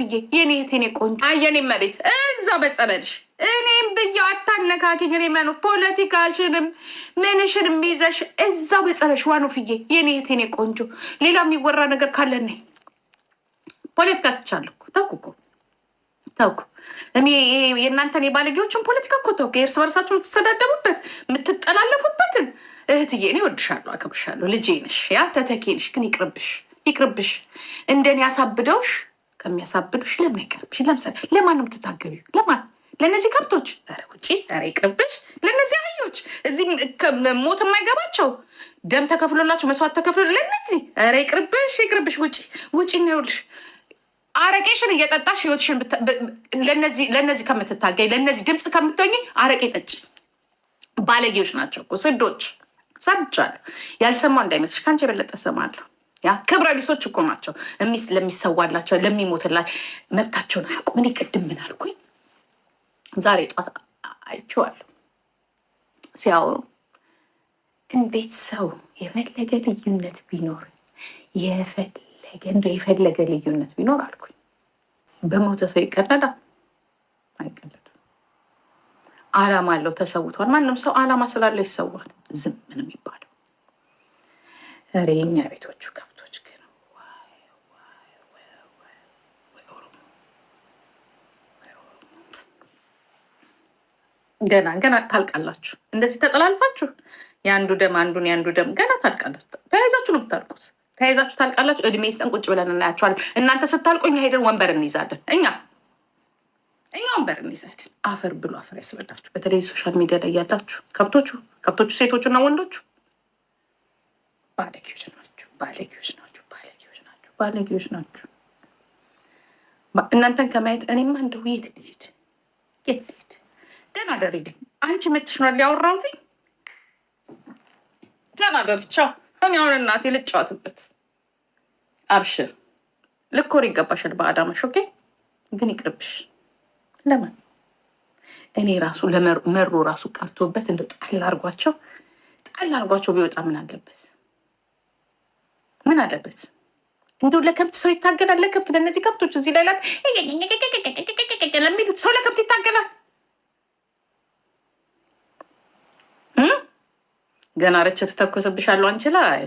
ሶፍዬ የኔ የኔ ቆንጆ አየኔ መቤት እዛው በጸበልሽ እኔም ብዬው አታነካኪኝ። እኔ መኖፍ ፖለቲካሽንም ምንሽንም ይዘሽ እዛው በጸበልሽ ዋኖፍዬ የኔ የኔ ቆንጆ ሌላ የሚወራ ነገር ካለን ፖለቲካ ትቻለሁ እኮ ተውኩ እኮ ተውኩ። የእናንተን የባለጌዎችን ፖለቲካ እኮ ተውኩ። የእርስ በርሳችሁ የምትሰዳደቡበት የምትጠላለፉበትን እህትዬ እኔ እወድሻለሁ፣ አከብርሻለሁ። ልጄ ነሽ፣ ያ ተተኬ ነሽ። ግን ይቅርብሽ፣ ይቅርብሽ እንደኔ ያሳብደውሽ ከሚያሳብዱሽ ለምን አይቀርብሽ? ለምሳሌ ለማን ነው የምትታገቢው? ለማን ለእነዚህ ከብቶች? ኧረ ውጪ! ኧረ ይቅርብሽ! ለእነዚህ አህዮች እዚህ ሞት የማይገባቸው ደም ተከፍሎላቸው መስዋዕት ተከፍሎ ለእነዚህ ኧረ ይቅርብሽ! ይቅርብሽ! ውጪ! ውጪ! ይኸውልሽ አረቄሽን እየጠጣሽ ህይወትሽን ለእነዚህ ከምትታገኝ ለእነዚህ ድምፅ ከምትወኝ አረቄ ጠጭ። ባለጌዎች ናቸው እኮ ስዶች። ሰምቻለሁ። ያልሰማው እንዳይመስልሽ፣ ከአንቺ የበለጠ ሰማለሁ። ያ ክብረ ቢሶች እኮ ናቸው ለሚሰዋላቸው ለሚሞትላቸው መብታቸውን አያውቁም። እኔ ቅድም ምን አልኩኝ? ዛሬ ጧት አይቼዋለሁ ሲያወሩ እንዴት ሰው የፈለገ ልዩነት ቢኖር የፈለገ እንደ የፈለገ ልዩነት ቢኖር አልኩኝ፣ በሞተ ሰው ይቀለዳል? አይቀለድም። አላማ አለው፣ ተሰውቷል። ማንም ሰው አላማ ስላለው ይሰዋል። ዝም ምን ይባለው ሬኛ ቤቶቹ ገና ገና ታልቃላችሁ። እንደዚህ ተጠላልፋችሁ የአንዱ ደም አንዱን የአንዱ ደም ገና ታልቃላችሁ። ተያይዛችሁ ነው የምታልቁት። ተያይዛችሁ ታልቃላችሁ። እድሜ ይስጠን፣ ቁጭ ብለን እናያቸዋለን። እናንተ ስታልቁ እኛ ሄደን ወንበር እንይዛለን። እኛ እኛ ወንበር እንይዛለን። አፈር ብሎ አፈር ያስበላችሁ። በተለይ ሶሻል ሚዲያ ላይ ያላችሁ ከብቶቹ ከብቶቹ ሴቶቹ እና ወንዶቹ ባለጌዎች ናችሁ፣ ባለጌዎች ናችሁ፣ ባለጌዎች ናችሁ፣ ባለጌዎች ናችሁ። እናንተን ከማየት እኔማ እንደው የት ልሂድ የት ልሂድ ደህና ደሪ። አንቺ ደህና ደሪ። ቻው። እኔ አሁን እናቴ ልጫወትበት። አብሽር፣ ልኮር ይገባሻል በአዳማሽ። ኦኬ። ግን ይቅርብሽ። እኔ ራሱ መሮ ራሱ ቀርቶበት እንደ ጣል አርጓቸው ጣል አርጓቸው ቢወጣ ምን አለበት? ምን አለበት? እንደው ለከብት ሰው ይታገላል። ለከብት ለእነዚህ ከብቶች እዚህ ላይ ላት ለሚሉት ሰው ለከብት ይታገላል። ገና ረቸ ትተኮስብሻለሁ። አንቺ ላይ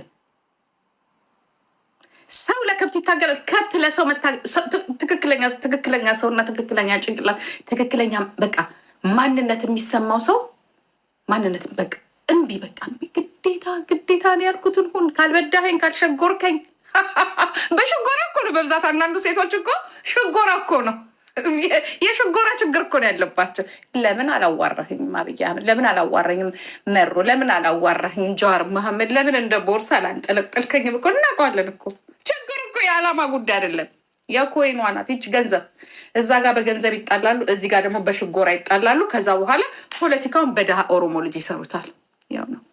ሰው ለከብት ይታገላል። ከብት ለሰው ትክክለኛ ትክክለኛ ሰውና ትክክለኛ ጭንቅላት ትክክለኛ በቃ ማንነት የሚሰማው ሰው ማንነት በቃ እምቢ በቃ ግዴታ ግዴታ ነው ያልኩትን ሁን፣ ካልበዳኸኝ፣ ካልሸጎርከኝ በሽጎራ እኮ ነው በብዛት አንዳንዱ ሴቶች እኮ ሽጎራ እኮ ነው የሽጎራ ችግር እኮ ነው ያለባቸው። ለምን አላዋራህኝም? አብይ አህመድ ለምን አላዋራኝም? መሩ ለምን አላዋራህኝም? ጀዋር መሐመድ ለምን እንደ ቦርሳ አላንጠለጠልከኝም? እኮ እናውቀዋለን እኮ ችግር እኮ የዓላማ ጉዳይ አይደለም። የኮይኗ ናት ይች ገንዘብ። እዛ ጋር በገንዘብ ይጣላሉ፣ እዚህ ጋር ደግሞ በሽጎራ ይጣላሉ። ከዛ በኋላ ፖለቲካውን በድሃ ኦሮሞ ልጅ ይሰሩታል። ያው ነው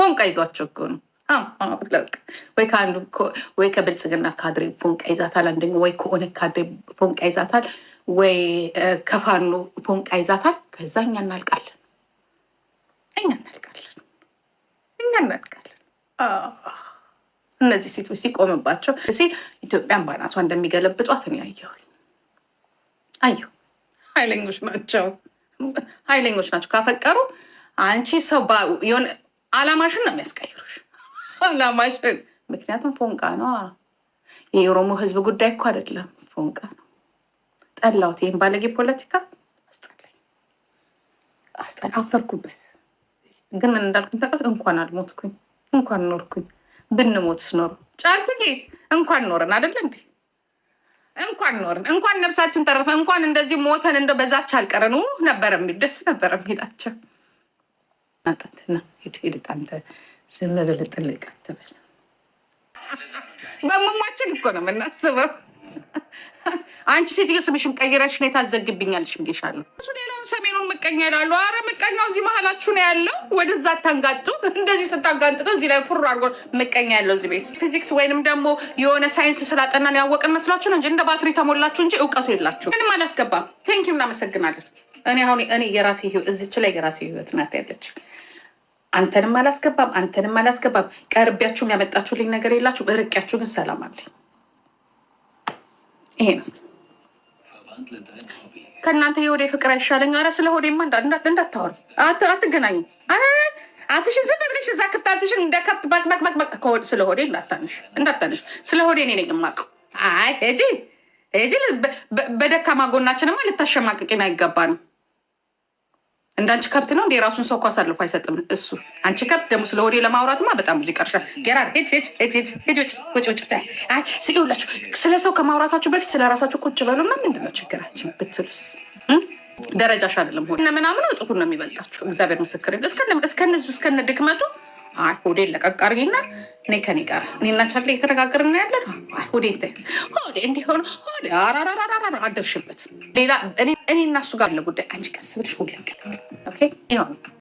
ፎንቃ ይዟቸው ነው ወይ ከአንዱ ወይ ከብልጽግና ካድሬ ፎንቃ ይዛታል፣ አንደኛው ወይ ከኦነግ ካድሬ ፎንቃ ይዛታል፣ ወይ ከፋኖ ፎንቃ ይዛታል። ከዛ እኛ እናልቃለን፣ እኛ እናልቃለን፣ እኛ እናልቃለን። እነዚህ ሴቶች ሲቆምባቸው ሲል ኢትዮጵያን ባናቷ እንደሚገለብጧት እኔ አየሁ አየሁ። ኃይለኞች ናቸው፣ ኃይለኞች ናቸው። ካፈቀሩ አንቺ ሰው የሆነ አላማሽን ነው የሚያስቀይሩሽ። አላማሽን ምክንያቱም ፎንቃ ነው። የኦሮሞ ህዝብ ጉዳይ እኮ አይደለም፣ ፎንቃ ነው። ጠላሁት። ይህን ባለጌ ፖለቲካ አስጠላኝ፣ አስጠላ አፈርኩበት። ግን እንዳልኩኝ ተቀ እንኳን አልሞትኩኝ፣ እንኳን ኖርኩኝ። ብንሞት ስኖር ጫልቱጌ እንኳን ኖረን አይደለ እንዴ? እንኳን ኖርን፣ እንኳን ነብሳችን ተረፈ፣ እንኳን እንደዚህ ሞተን እንደ በዛች አልቀረን ነበረ። ደስ ነበረ ሄዳቸው ሄድ ሄድ ዝም ብለህ ጥልቅ አትበል። በሙሟችን እኮ ነው የምናስበው። አንቺ ሴትዮ ስምሽን ቀይረሽ ነው የታዘግብኛለሽ ብዬሻለሁ። እሱ ሌላውን ሰሜኑን ምቀኛ ይላሉ። አረ ምቀኛው እዚህ መሀላችሁ ነው ያለው። ወደዛ አታንጋጡ። እንደዚህ ስታጋንጥጠው እዚህ ላይ ፉር አድርጎ ምቀኛ ያለው እዚህ ቤት ፊዚክስ ወይንም ደግሞ የሆነ ሳይንስ ስላጠናን ያወቅን መስላችሁ ነው እንጂ እንደ ባትሪ ተሞላችሁ እንጂ እውቀቱ የላችሁ። ምንም አላስገባም። ቴንኪው፣ እናመሰግናለን። እኔ አሁን እኔ የራሴ እዚች ላይ የራሴ ህይወት ናት ያለች አንተንም አላስገባም፣ አንተንም አላስገባም። ቀርቢያችሁም ያመጣችሁልኝ ነገር የላችሁም። እርቂያችሁ ግን ሰላም አለኝ። ይሄ ነው ከእናንተ የሆዴ ፍቅር አይሻለኝ። አረ ስለ ሆዴማ እንዳታወሪ፣ አትገናኙ። አፍሽን ዝም ብለሽ እዛ ክፍታትሽን እንደከብት በቅበቅበቅ ከሆድ ስለ ሆዴ እንዳታነሽ፣ እንዳታነሽ። ስለ ሆዴ እኔ ነኝ የማውቀው። አይ ሂጂ ሂጂ። በደካማ ጎናችንማ ልታሸማቅቂን አይገባ ነው እንዳንቺ ከብት ነው እንዴ? የራሱን ሰው እኮ አሳልፎ አይሰጥም እሱ። አንቺ ከብት ደግሞ ስለ ወዴ ለማውራትማ በጣም ብዙ ይቀርሻል። ገራ ሁላችሁ ስለ ሰው ከማውራታችሁ በፊት ስለ ራሳችሁ ቁጭ በሉና ምንድነው ችግራችን ብትሉስ ደረጃሽ አይደለም ሆነ ምናምን ጥፉን ነው የሚበልጣችሁ። እግዚአብሔር ምስክር እስከነዙ እስከነ ድክመቱ ሆዴን ለቀቅ አድርጊና እኔ ከኔ ጋር እኔና ቻለ የተነጋገርና ያለ ሆዴ እንዲሆነ ሆዴ አደርሽበት ሌላ እኔ እና እሱ ጋር ያለ ጉዳይ አንቺ ቀስ ብለሽ ሁሌም